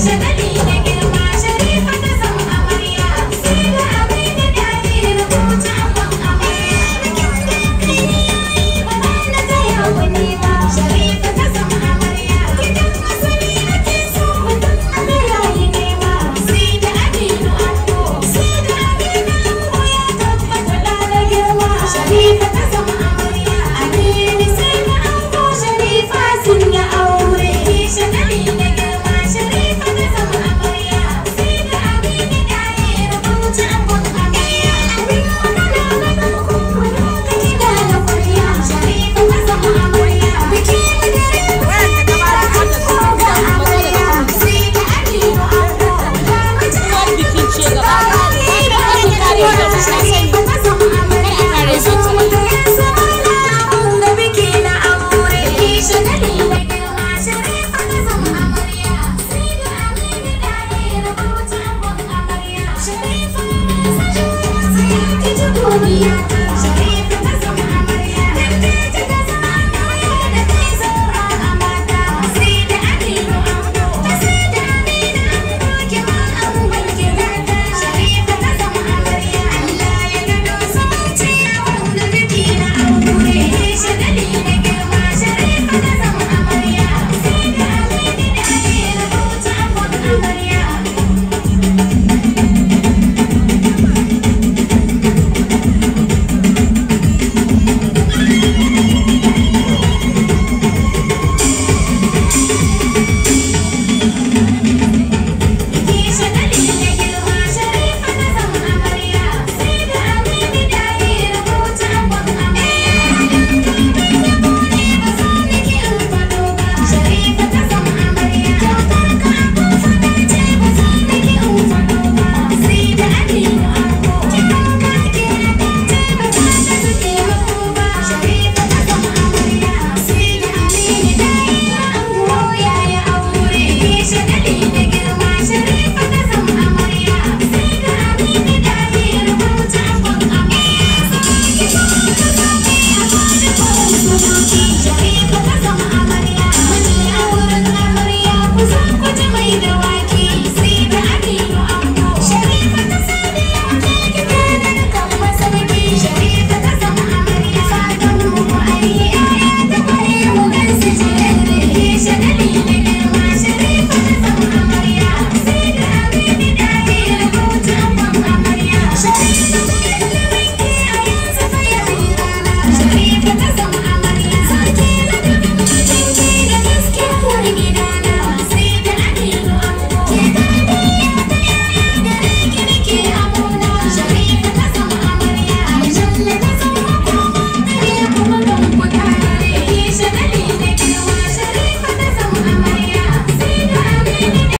Is it Oh, yeah.